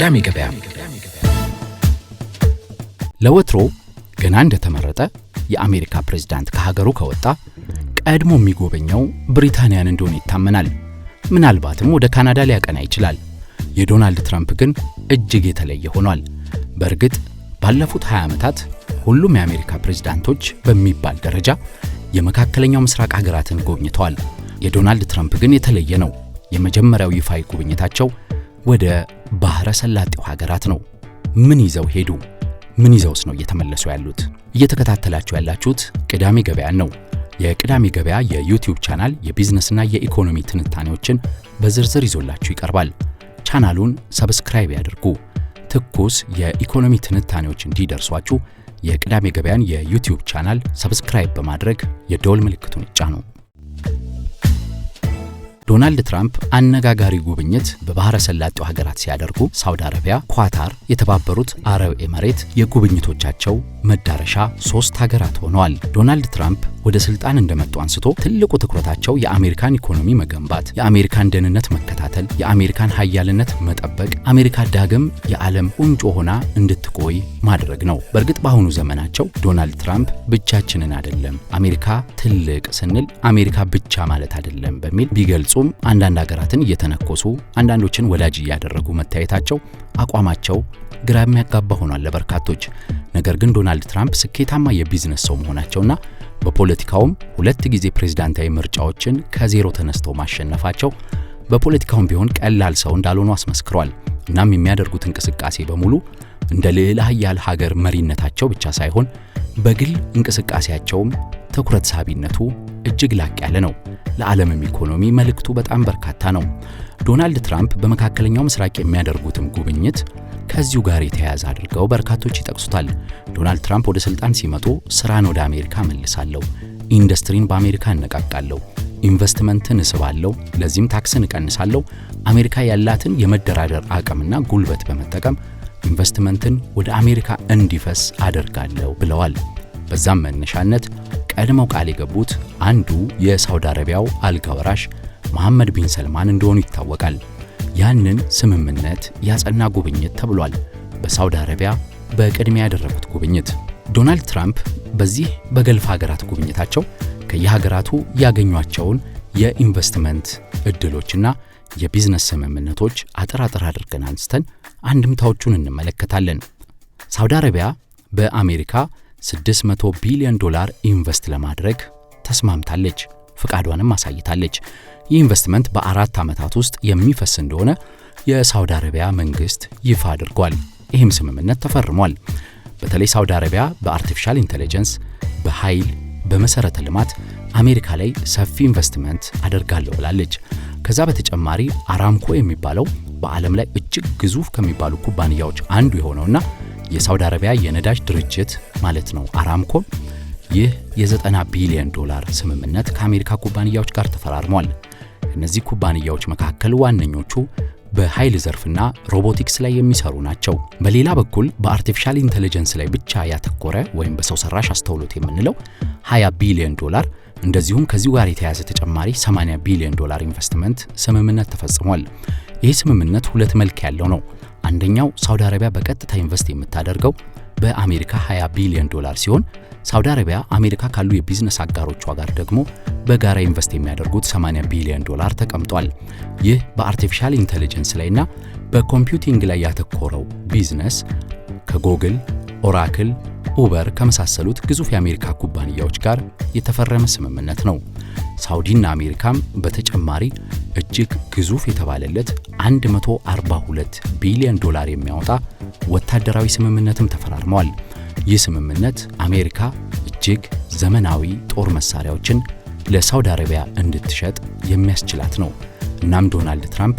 ቅዳሜ ገበያ ለወትሮ ገና እንደተመረጠ የአሜሪካ ፕሬዝዳንት ከሀገሩ ከወጣ ቀድሞ የሚጎበኘው ብሪታንያን እንደሆነ ይታመናል። ምናልባትም ወደ ካናዳ ሊያቀና ይችላል። የዶናልድ ትራምፕ ግን እጅግ የተለየ ሆኗል። በእርግጥ ባለፉት 20 ዓመታት ሁሉም የአሜሪካ ፕሬዝዳንቶች በሚባል ደረጃ የመካከለኛው ምስራቅ ሀገራትን ጎብኝተዋል። የዶናልድ ትራምፕ ግን የተለየ ነው። የመጀመሪያው ይፋ ጉብኝታቸው ወደ ባህረ ሰላጤው ሀገራት ነው። ምን ይዘው ሄዱ? ምን ይዘውስ ነው እየተመለሱ ያሉት? እየተከታተላችሁ ያላችሁት ቅዳሜ ገበያን ነው። የቅዳሜ ገበያ የዩቲዩብ ቻናል የቢዝነስና የኢኮኖሚ ትንታኔዎችን በዝርዝር ይዞላችሁ ይቀርባል። ቻናሉን ሰብስክራይብ ያድርጉ። ትኩስ የኢኮኖሚ ትንታኔዎች እንዲደርሷችሁ የቅዳሜ ገበያን የዩቲዩብ ቻናል ሰብስክራይብ በማድረግ የደወል ምልክቱን ይጫኑ። ዶናልድ ትራምፕ አነጋጋሪ ጉብኝት በባህረ ሰላጤው ሀገራት ሲያደርጉ ሳውዲ አረቢያ፣ ኳታር፣ የተባበሩት አረብ ኤምሬት የጉብኝቶቻቸው መዳረሻ ሶስት ሀገራት ሆነዋል። ዶናልድ ትራምፕ ወደ ስልጣን እንደመጡ አንስቶ ትልቁ ትኩረታቸው የአሜሪካን ኢኮኖሚ መገንባት፣ የአሜሪካን ደህንነት መከታተል፣ የአሜሪካን ሀያልነት መጠበቅ፣ አሜሪካ ዳግም የዓለም ቁንጮ ሆና እንድትቆይ ማድረግ ነው። በእርግጥ በአሁኑ ዘመናቸው ዶናልድ ትራምፕ ብቻችንን አይደለም አሜሪካ ትልቅ ስንል አሜሪካ ብቻ ማለት አይደለም በሚል ቢገልጹም አንዳንድ ሀገራትን እየተነኮሱ አንዳንዶችን ወዳጅ እያደረጉ መታየታቸው አቋማቸው ግራ የሚያጋባ ሆኗል ለበርካቶች። ነገር ግን ዶናልድ ትራምፕ ስኬታማ የቢዝነስ ሰው መሆናቸውና በፖለቲካውም ሁለት ጊዜ ፕሬዝዳንታዊ ምርጫዎችን ከዜሮ ተነስተው ማሸነፋቸው በፖለቲካውም ቢሆን ቀላል ሰው እንዳልሆኑ አስመስክሯል። እናም የሚያደርጉት እንቅስቃሴ በሙሉ እንደ ልዕለ ኃያል ሀገር መሪነታቸው ብቻ ሳይሆን በግል እንቅስቃሴያቸውም ትኩረት ሳቢነቱ እጅግ ላቅ ያለ ነው። ለዓለምም ኢኮኖሚ መልእክቱ በጣም በርካታ ነው። ዶናልድ ትራምፕ በመካከለኛው ምስራቅ የሚያደርጉትም ጉብኝት ከዚሁ ጋር የተያያዘ አድርገው በርካቶች ይጠቅሱታል። ዶናልድ ትራምፕ ወደ ስልጣን ሲመጡ ስራን ወደ አሜሪካ መልሳለሁ፣ ኢንዱስትሪን በአሜሪካ እነቃቃለሁ፣ ኢንቨስትመንትን እስባለሁ፣ ለዚህም ታክስን እቀንሳለሁ፣ አሜሪካ ያላትን የመደራደር አቅምና ጉልበት በመጠቀም ኢንቨስትመንትን ወደ አሜሪካ እንዲፈስ አደርጋለሁ ብለዋል። በዛም መነሻነት ቀድመው ቃል የገቡት አንዱ የሳውዲ አረቢያው አልጋወራሽ መሐመድ ቢን ሰልማን እንደሆኑ ይታወቃል። ያንን ስምምነት ያጸና ጉብኝት ተብሏል። በሳውዲ አረቢያ በቅድሚያ ያደረጉት ጉብኝት ዶናልድ ትራምፕ በዚህ በገልፍ ሀገራት ጉብኝታቸው ከየሀገራቱ ያገኟቸውን የኢንቨስትመንት እድሎችና የቢዝነስ ስምምነቶች አጠራጠር አድርገን አንስተን አንድምታዎቹን እንመለከታለን። ሳውዲ አረቢያ በአሜሪካ 600 ቢሊዮን ዶላር ኢንቨስት ለማድረግ ተስማምታለች። ፍቃዷንም አሳይታለች። ይህ ኢንቨስትመንት በአራት ዓመታት ውስጥ የሚፈስ እንደሆነ የሳውዲ አረቢያ መንግስት ይፋ አድርጓል። ይህም ስምምነት ተፈርሟል። በተለይ ሳውዲ አረቢያ በአርቲፊሻል ኢንቴሊጀንስ፣ በኃይል፣ በመሰረተ ልማት አሜሪካ ላይ ሰፊ ኢንቨስትመንት አደርጋለሁ ብላለች። ከዛ በተጨማሪ አራምኮ የሚባለው በዓለም ላይ እጅግ ግዙፍ ከሚባሉ ኩባንያዎች አንዱ የሆነውና የሳውዲ አረቢያ የነዳጅ ድርጅት ማለት ነው አራምኮ ይህ የ90 ቢሊዮን ዶላር ስምምነት ከአሜሪካ ኩባንያዎች ጋር ተፈራርሟል። ከእነዚህ ኩባንያዎች መካከል ዋነኞቹ በኃይል ዘርፍና ሮቦቲክስ ላይ የሚሰሩ ናቸው። በሌላ በኩል በአርቲፊሻል ኢንተለጀንስ ላይ ብቻ ያተኮረ ወይም በሰው ሰራሽ አስተውሎት የምንለው 20 ቢሊዮን ዶላር እንደዚሁም ከዚሁ ጋር የተያያዘ ተጨማሪ 80 ቢሊዮን ዶላር ኢንቨስትመንት ስምምነት ተፈጽሟል። ይህ ስምምነት ሁለት መልክ ያለው ነው። አንደኛው ሳውዲ አረቢያ በቀጥታ ኢንቨስት የምታደርገው በአሜሪካ 20 ቢሊዮን ዶላር ሲሆን ሳውዲ አረቢያ አሜሪካ ካሉ የቢዝነስ አጋሮቿ ጋር ደግሞ በጋራ ኢንቨስት የሚያደርጉት 80 ቢሊዮን ዶላር ተቀምጧል። ይህ በአርቲፊሻል ኢንተለጀንስ ላይና በኮምፒውቲንግ ላይ ያተኮረው ቢዝነስ ከጎግል ኦራክል፣ ኡበር ከመሳሰሉት ግዙፍ የአሜሪካ ኩባንያዎች ጋር የተፈረመ ስምምነት ነው። ሳውዲና አሜሪካም በተጨማሪ እጅግ ግዙፍ የተባለለት 142 ቢሊዮን ዶላር የሚያወጣ ወታደራዊ ስምምነትም ተፈራርመዋል። ይህ ስምምነት አሜሪካ እጅግ ዘመናዊ ጦር መሳሪያዎችን ለሳውዲ አረቢያ እንድትሸጥ የሚያስችላት ነው። እናም ዶናልድ ትራምፕ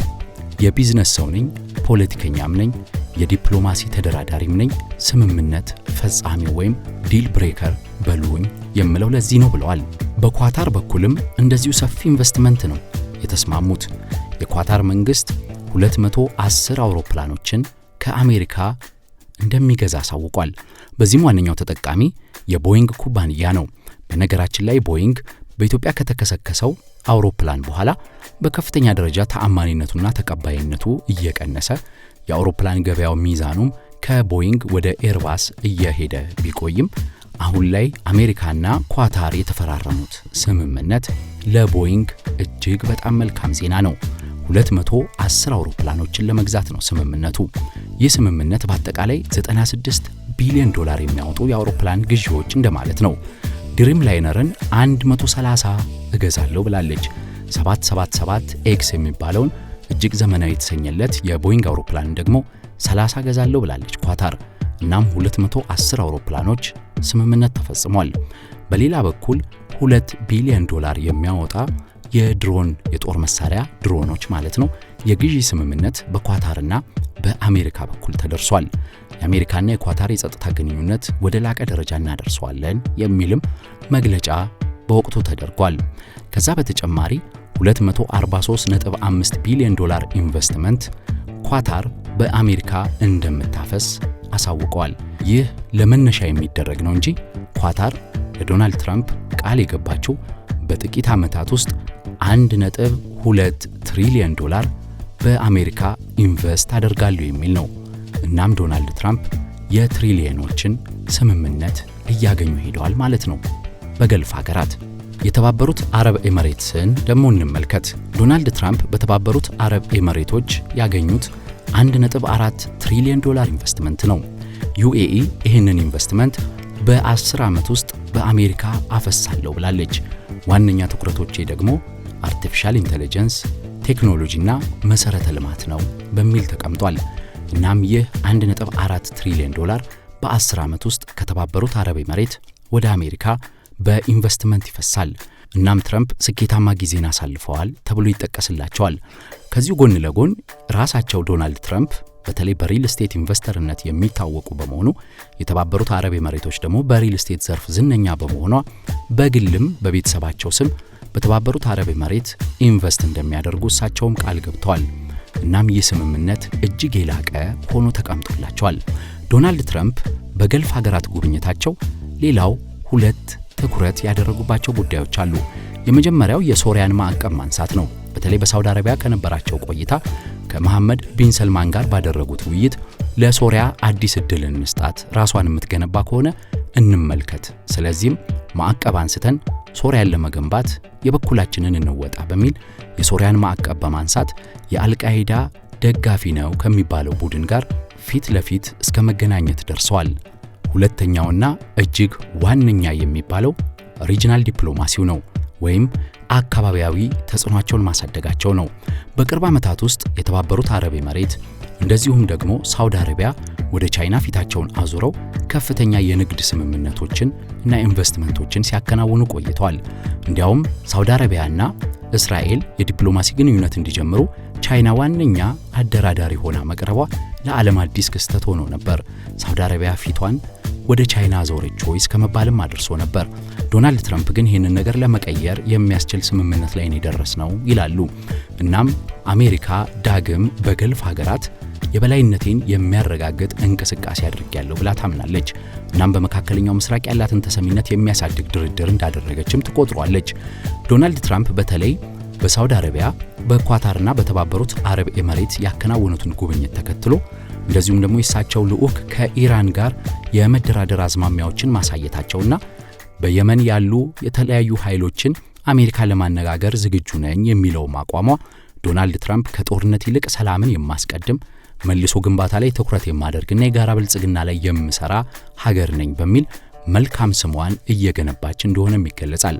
የቢዝነስ ሰው ነኝ፣ ፖለቲከኛም ነኝ የዲፕሎማሲ ተደራዳሪም ነኝ፣ ስምምነት ፈጻሚ ወይም ዲል ብሬከር በሉኝ የምለው ለዚህ ነው ብለዋል። በኳታር በኩልም እንደዚሁ ሰፊ ኢንቨስትመንት ነው የተስማሙት። የኳታር መንግስት 210 አውሮፕላኖችን ከአሜሪካ እንደሚገዛ አሳውቋል። በዚህም ዋነኛው ተጠቃሚ የቦይንግ ኩባንያ ነው። በነገራችን ላይ ቦይንግ በኢትዮጵያ ከተከሰከሰው አውሮፕላን በኋላ በከፍተኛ ደረጃ ተአማኒነቱና ተቀባይነቱ እየቀነሰ የአውሮፕላን ገበያው ሚዛኑም ከቦይንግ ወደ ኤርባስ እየሄደ ቢቆይም አሁን ላይ አሜሪካና ኳታር የተፈራረሙት ስምምነት ለቦይንግ እጅግ በጣም መልካም ዜና ነው። 210 አውሮፕላኖችን ለመግዛት ነው ስምምነቱ። ይህ ስምምነት በአጠቃላይ 96 ቢሊዮን ዶላር የሚያወጡ የአውሮፕላን ግዢዎች እንደማለት ነው። ድሪም ላይነርን 130 እገዛለሁ ብላለች። 777 ኤክስ የሚባለውን እጅግ ዘመናዊ የተሰኘለት የቦይንግ አውሮፕላን ደግሞ 30 ገዛለሁ ብላለች ኳታር። እናም 210 አውሮፕላኖች ስምምነት ተፈጽሟል። በሌላ በኩል 2 ቢሊዮን ዶላር የሚያወጣ የድሮን የጦር መሳሪያ ድሮኖች ማለት ነው የግዢ ስምምነት በኳታርና በአሜሪካ በኩል ተደርሷል። የአሜሪካና የኳታር የጸጥታ ግንኙነት ወደ ላቀ ደረጃ እናደርሰዋለን የሚልም መግለጫ በወቅቱ ተደርጓል። ከዛ በተጨማሪ 243.5 ቢሊዮን ዶላር ኢንቨስትመንት ኳታር በአሜሪካ እንደምታፈስ አሳውቀዋል። ይህ ለመነሻ የሚደረግ ነው እንጂ ኳታር ለዶናልድ ትራምፕ ቃል የገባችው በጥቂት ዓመታት ውስጥ 1.2 ትሪሊዮን ዶላር በአሜሪካ ኢንቨስት አደርጋለሁ የሚል ነው። እናም ዶናልድ ትራምፕ የትሪሊዮኖችን ስምምነት እያገኙ ሄደዋል ማለት ነው። በገልፍ ሀገራት። የተባበሩት አረብ ኤምሬትስን ደግሞ እንመልከት። ዶናልድ ትራምፕ በተባበሩት አረብ ኤምሬቶች ያገኙት 1.4 ትሪሊዮን ዶላር ኢንቨስትመንት ነው። ዩኤኢ ይህንን ኢንቨስትመንት በ10 ዓመት ውስጥ በአሜሪካ አፈሳለሁ ብላለች። ዋነኛ ትኩረቶቼ ደግሞ አርቲፊሻል ኢንተለጀንስ፣ ቴክኖሎጂና መሰረተ ልማት ነው በሚል ተቀምጧል። እናም ይህ 1.4 ትሪሊዮን ዶላር በ10 ዓመት ውስጥ ከተባበሩት አረብ ኤምሬት ወደ አሜሪካ በኢንቨስትመንት ይፈሳል። እናም ትረምፕ ስኬታማ ጊዜን አሳልፈዋል ተብሎ ይጠቀስላቸዋል። ከዚሁ ጎን ለጎን ራሳቸው ዶናልድ ትረምፕ በተለይ በሪል ስቴት ኢንቨስተርነት የሚታወቁ በመሆኑ የተባበሩት አረብ ኤምሬቶች ደግሞ በሪል ስቴት ዘርፍ ዝነኛ በመሆኗ በግልም በቤተሰባቸው ስም በተባበሩት አረብ ኤምሬት ኢንቨስት እንደሚያደርጉ እሳቸውም ቃል ገብተዋል። እናም ይህ ስምምነት እጅግ የላቀ ሆኖ ተቀምጦላቸዋል። ዶናልድ ትረምፕ በገልፍ ሀገራት ጉብኝታቸው ሌላው ሁለት ትኩረት ያደረጉባቸው ጉዳዮች አሉ። የመጀመሪያው የሶሪያን ማዕቀብ ማንሳት ነው። በተለይ በሳውዲ አረቢያ ከነበራቸው ቆይታ ከመሐመድ ቢን ሰልማን ጋር ባደረጉት ውይይት ለሶሪያ አዲስ እድልን እንስጣት፣ ራሷን የምትገነባ ከሆነ እንመልከት፣ ስለዚህም ማዕቀብ አንስተን ሶሪያን ለመገንባት የበኩላችንን እንወጣ በሚል የሶሪያን ማዕቀብ በማንሳት የአልቃይዳ ደጋፊ ነው ከሚባለው ቡድን ጋር ፊት ለፊት እስከ መገናኘት ደርሰዋል። ሁለተኛውና እጅግ ዋነኛ የሚባለው ሪጅናል ዲፕሎማሲው ነው ወይም አካባቢያዊ ተጽዕኖአቸውን ማሳደጋቸው ነው። በቅርብ ዓመታት ውስጥ የተባበሩት አረብ ኤምሬት እንደዚሁም ደግሞ ሳውዲ አረቢያ ወደ ቻይና ፊታቸውን አዙረው ከፍተኛ የንግድ ስምምነቶችን እና ኢንቨስትመንቶችን ሲያከናውኑ ቆይተዋል። እንዲያውም ሳውዲ አረቢያና እስራኤል የዲፕሎማሲ ግንኙነት እንዲጀምሩ ቻይና ዋነኛ አደራዳሪ ሆና መቅረቧ ለዓለም አዲስ ክስተት ሆኖ ነበር። ሳውዲ አረቢያ ፊቷን ወደ ቻይና ዞረች ወይ ከመባልም አድርሶ ነበር። ዶናልድ ትራምፕ ግን ይህንን ነገር ለመቀየር የሚያስችል ስምምነት ላይ ነው ይላሉ። እናም አሜሪካ ዳግም በገልፍ ሀገራት የበላይነቴን የሚያረጋግጥ እንቅስቃሴ ያለው ብላ ታምናለች። እናም በመካከለኛው ምስራቅ ያላትን ተሰሚነት የሚያሳድግ ድርድር እንዳደረገችም ትቆጥሯለች። ዶናልድ ትራምፕ በተለይ በሳውዲ አረቢያ በኳታርና በተባበሩት አረብ ኤምሬት ያከናወኑትን ጉብኝት ተከትሎ እንደዚሁም ደግሞ የእሳቸው ልዑክ ከኢራን ጋር የመደራደር አዝማሚያዎችን ማሳየታቸውና በየመን ያሉ የተለያዩ ኃይሎችን አሜሪካ ለማነጋገር ዝግጁ ነኝ የሚለው አቋሟ ዶናልድ ትራምፕ ከጦርነት ይልቅ ሰላምን የማስቀድም መልሶ ግንባታ ላይ ትኩረት የማደርግና የጋራ ብልጽግና ላይ የምሰራ ሀገር ነኝ በሚል መልካም ስሟን እየገነባች እንደሆነም ይገለጻል።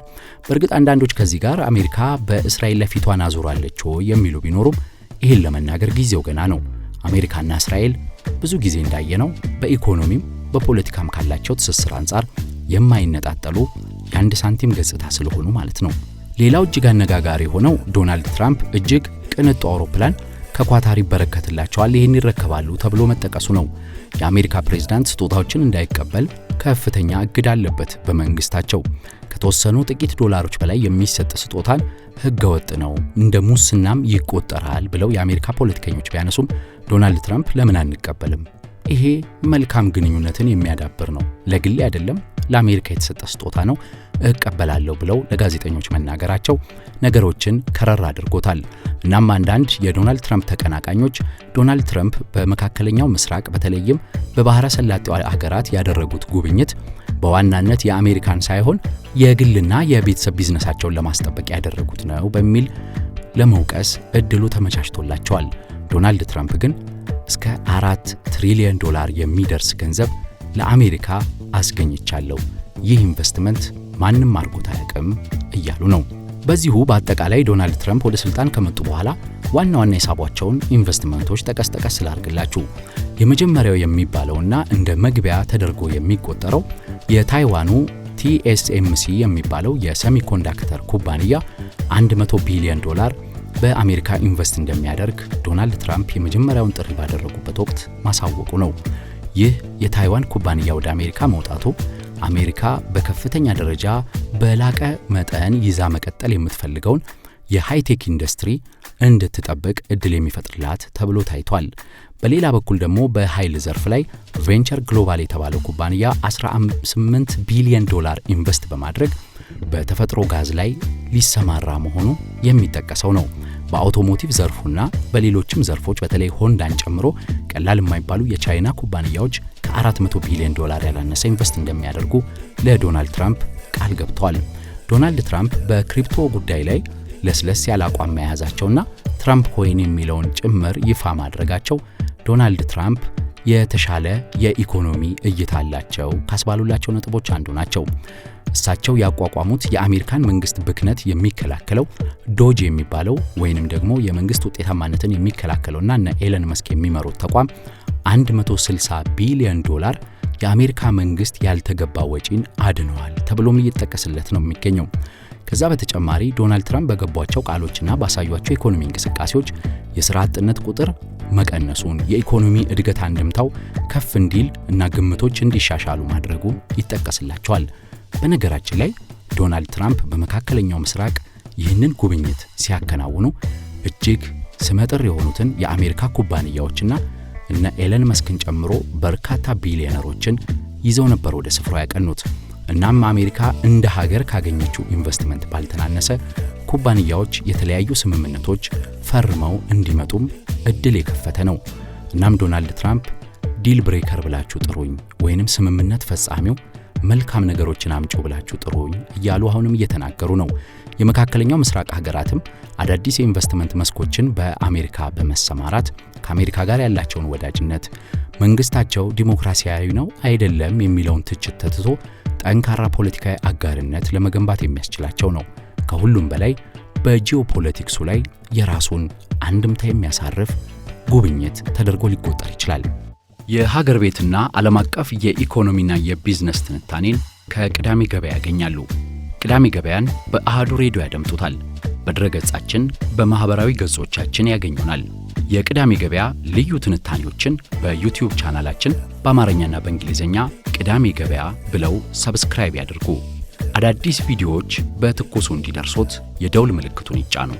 በእርግጥ አንዳንዶች ከዚህ ጋር አሜሪካ በእስራኤል ለፊቷን አዙራለች የሚሉ ቢኖሩም ይህን ለመናገር ጊዜው ገና ነው። አሜሪካና እስራኤል ብዙ ጊዜ እንዳየነው በኢኮኖሚም በፖለቲካም ካላቸው ትስስር አንጻር የማይነጣጠሉ የአንድ ሳንቲም ገጽታ ስለሆኑ ማለት ነው። ሌላው እጅግ አነጋጋሪ የሆነው ዶናልድ ትራምፕ እጅግ ቅንጡ አውሮፕላን ከኳታር ይበረከትላቸዋል፣ ይህን ይረከባሉ ተብሎ መጠቀሱ ነው። የአሜሪካ ፕሬዝዳንት ስጦታዎችን እንዳይቀበል ከፍተኛ እግድ አለበት። በመንግስታቸው ከተወሰኑ ጥቂት ዶላሮች በላይ የሚሰጥ ስጦታን ህገወጥ ነው፣ እንደ ሙስናም ይቆጠራል ብለው የአሜሪካ ፖለቲከኞች ቢያነሱም ዶናልድ ትራምፕ ለምን አንቀበልም? ይሄ መልካም ግንኙነትን የሚያዳብር ነው፣ ለግሌ አይደለም ለአሜሪካ የተሰጠ ስጦታ ነው እቀበላለሁ ብለው ለጋዜጠኞች መናገራቸው ነገሮችን ከረር አድርጎታል። እናም አንዳንድ የዶናልድ ትራምፕ ተቀናቃኞች ዶናልድ ትራምፕ በመካከለኛው ምስራቅ በተለይም በባህረ ሰላጤው ሀገራት ያደረጉት ጉብኝት በዋናነት የአሜሪካን ሳይሆን የግልና የቤተሰብ ቢዝነሳቸውን ለማስጠበቅ ያደረጉት ነው በሚል ለመውቀስ እድሉ ተመቻችቶላቸዋል። ዶናልድ ትራምፕ ግን እስከ አራት ትሪሊዮን ዶላር የሚደርስ ገንዘብ ለአሜሪካ አስገኝቻለሁ። ይህ ኢንቨስትመንት ማንም አድርጎት አያውቅም እያሉ ነው። በዚሁ በአጠቃላይ ዶናልድ ትራምፕ ወደ ስልጣን ከመጡ በኋላ ዋና ዋና የሳቧቸውን ኢንቨስትመንቶች ጠቀስ ጠቀስ ስላርግላችሁ የመጀመሪያው የሚባለውና እንደ መግቢያ ተደርጎ የሚቆጠረው የታይዋኑ ቲኤስኤምሲ የሚባለው የሰሚኮንዳክተር ኩባንያ 100 ቢሊዮን ዶላር በአሜሪካ ኢንቨስት እንደሚያደርግ ዶናልድ ትራምፕ የመጀመሪያውን ጥሪ ባደረጉበት ወቅት ማሳወቁ ነው። ይህ የታይዋን ኩባንያ ወደ አሜሪካ መውጣቱ አሜሪካ በከፍተኛ ደረጃ በላቀ መጠን ይዛ መቀጠል የምትፈልገውን የሃይቴክ ኢንዱስትሪ እንድትጠብቅ እድል የሚፈጥርላት ተብሎ ታይቷል። በሌላ በኩል ደግሞ በኃይል ዘርፍ ላይ ቬንቸር ግሎባል የተባለው ኩባንያ 18 ቢሊዮን ዶላር ኢንቨስት በማድረግ በተፈጥሮ ጋዝ ላይ ሊሰማራ መሆኑ የሚጠቀሰው ነው። በአውቶሞቲቭ ዘርፉና በሌሎችም ዘርፎች በተለይ ሆንዳን ጨምሮ ቀላል የማይባሉ የቻይና ኩባንያዎች ከ400 ቢሊዮን ዶላር ያላነሰ ኢንቨስት እንደሚያደርጉ ለዶናልድ ትራምፕ ቃል ገብተዋል። ዶናልድ ትራምፕ በክሪፕቶ ጉዳይ ላይ ለስለስ ያለ አቋም መያዛቸውና ትራምፕ ኮይን የሚለውን ጭምር ይፋ ማድረጋቸው ዶናልድ ትራምፕ የተሻለ የኢኮኖሚ እይታ አላቸው ካስባሉላቸው ነጥቦች አንዱ ናቸው። እሳቸው ያቋቋሙት የአሜሪካን መንግስት ብክነት የሚከላከለው ዶጅ የሚባለው ወይንም ደግሞ የመንግስት ውጤታማነትን የሚከላከለውና እነ ኤለን መስክ የሚመሩት ተቋም 160 ቢሊዮን ዶላር የአሜሪካ መንግስት ያልተገባ ወጪን አድነዋል ተብሎም እየጠቀስለት ነው የሚገኘው። ከዛ በተጨማሪ ዶናልድ ትራምፕ በገቧቸው ቃሎችና ባሳዩቸው ኢኮኖሚ እንቅስቃሴዎች የስራ አጥነት ቁጥር መቀነሱን የኢኮኖሚ እድገት አንድምታው ከፍ እንዲል እና ግምቶች እንዲሻሻሉ ማድረጉ ይጠቀስላቸዋል። በነገራችን ላይ ዶናልድ ትራምፕ በመካከለኛው ምስራቅ ይህንን ጉብኝት ሲያከናውኑ እጅግ ስመጥር የሆኑትን የአሜሪካ ኩባንያዎችና እነ ኤለን መስክን ጨምሮ በርካታ ቢሊዮነሮችን ይዘው ነበር ወደ ስፍራው ያቀኑት። እናም አሜሪካ እንደ ሀገር ካገኘችው ኢንቨስትመንት ባልተናነሰ ኩባንያዎች የተለያዩ ስምምነቶች ፈርመው እንዲመጡም እድል የከፈተ ነው። እናም ዶናልድ ትራምፕ ዲል ብሬከር ብላችሁ ጥሩኝ ወይንም ስምምነት ፈጻሚው መልካም ነገሮችን አምጩ ብላችሁ ጥሩኝ እያሉ አሁንም እየተናገሩ ነው። የመካከለኛው ምስራቅ ሀገራትም አዳዲስ የኢንቨስትመንት መስኮችን በአሜሪካ በመሰማራት ከአሜሪካ ጋር ያላቸውን ወዳጅነት መንግስታቸው ዲሞክራሲያዊ ነው አይደለም የሚለውን ትችት ተትቶ ጠንካራ ፖለቲካዊ አጋርነት ለመገንባት የሚያስችላቸው ነው። ከሁሉም በላይ በጂኦፖለቲክሱ ላይ የራሱን አንድምታ የሚያሳርፍ ጉብኝት ተደርጎ ሊቆጠር ይችላል። የሀገር ቤትና ዓለም አቀፍ የኢኮኖሚና የቢዝነስ ትንታኔን ከቅዳሜ ገበያ ያገኛሉ። ቅዳሜ ገበያን በአሃዱ ሬዲዮ ያደምጡታል። በድረ በድረ-ገጻችን በማኅበራዊ ገጾቻችን ያገኙናል። የቅዳሜ ገበያ ልዩ ትንታኔዎችን በዩቲዩብ ቻናላችን በአማርኛና በእንግሊዝኛ ቅዳሜ ገበያ ብለው ሰብስክራይብ ያድርጉ። አዳዲስ ቪዲዮዎች በትኩሱ እንዲደርሶት የደውል ምልክቱን ይጫኑ።